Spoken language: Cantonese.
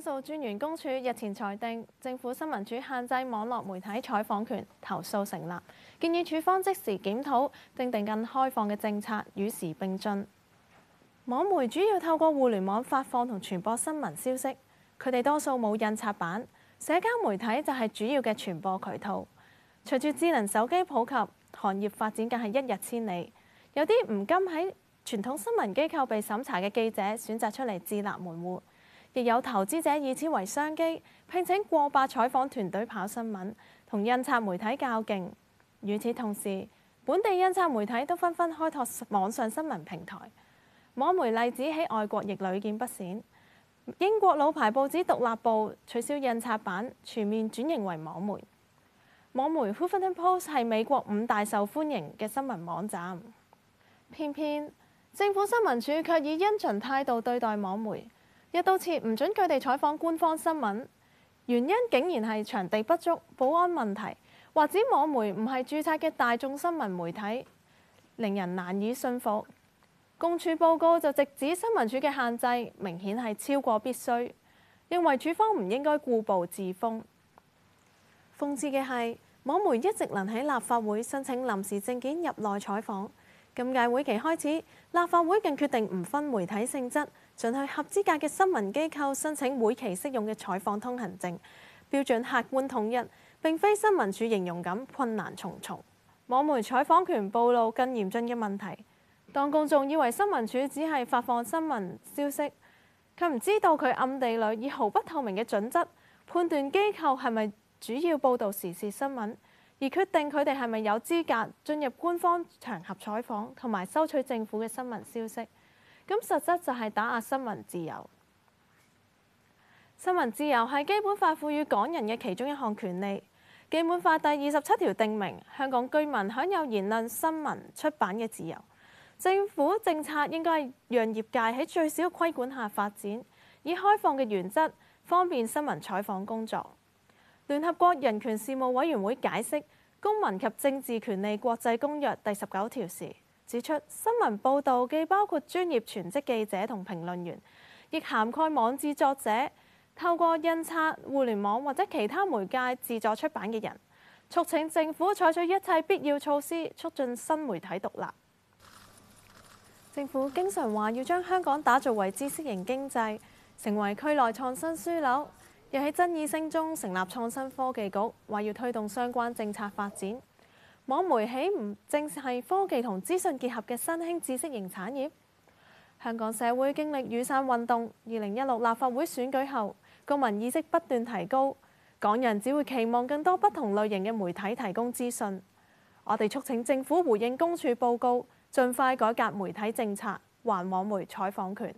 申訴專員公署日前裁定政府新聞處限制網絡媒體採訪權，投訴成立，建議處方即時檢討，訂定更開放嘅政策與時並進。網媒主要透過互聯網發放同傳播新聞消息，佢哋多數冇印刷版，社交媒體就係主要嘅傳播渠道。隨住智能手機普及，行業發展更係一日千里。有啲唔甘喺傳統新聞機構被審查嘅記者，選擇出嚟自立門戶。有投資者以此為商機，聘請過百採訪團隊跑新聞，同印刷媒體較勁。與此同時，本地印刷媒體都紛紛開拓網上新聞平台。網媒例子喺外國亦屢見不鮮。英國老牌報紙《獨立報》取消印刷版，全面轉型為網媒。網媒《Huffington Post》係美國五大受歡迎嘅新聞網站。偏偏政府新聞處卻以因循態度對待網媒。一刀切唔准佢哋採訪官方新聞，原因竟然係場地不足、保安問題，或者網媒唔係註冊嘅大眾新聞媒體，令人難以信服。公署報告就直指新聞署嘅限制明顯係超過必須，認為處方唔應該固步自封。諷刺嘅係，網媒一直能喺立法會申請臨時證件入內採訪。今屆會期開始，立法會更決定唔分媒體性質，准許合資格嘅新聞機構申請會期適用嘅採訪通行證，標準客觀統一，並非新聞處形容咁困難重重。網媒採訪權暴露更嚴峻嘅問題，當公眾以為新聞處只係發放新聞消息，佢唔知道佢暗地裏以毫不透明嘅準則判斷機構係咪主要報道時事新聞。而決定佢哋係咪有資格進入官方場合採訪，同埋收取政府嘅新聞消息，咁實質就係打壓新聞自由。新聞自由係基本法賦予港人嘅其中一項權利。基本法第二十七條定明，香港居民享有言論、新聞、出版嘅自由。政府政策應該讓業界喺最少規管下發展，以開放嘅原則，方便新聞採訪工作。聯合國人權事務委員會解釋《公民及政治權利國際公約》第十九條時，指出新聞報導既包括專業全職記者同評論員，亦涵蓋網誌作者，透過印刷、互聯網或者其他媒介自助出版嘅人，促請政府採取一切必要措施，促進新媒體獨立。 政府經常話要將香港打造為知識型經濟，成為區內創新樞紐。又喺爭議聲中成立創新科技局，話要推動相關政策發展。網媒起唔正係科技同資訊結合嘅新興知識型產業。香港社會經歷雨傘運動，二零一六立法會選舉後，公民意識不斷提高，港人只會期望更多不同類型嘅媒體提供資訊。我哋促請政府回應公署報告，盡快改革媒體政策，還網媒採訪權。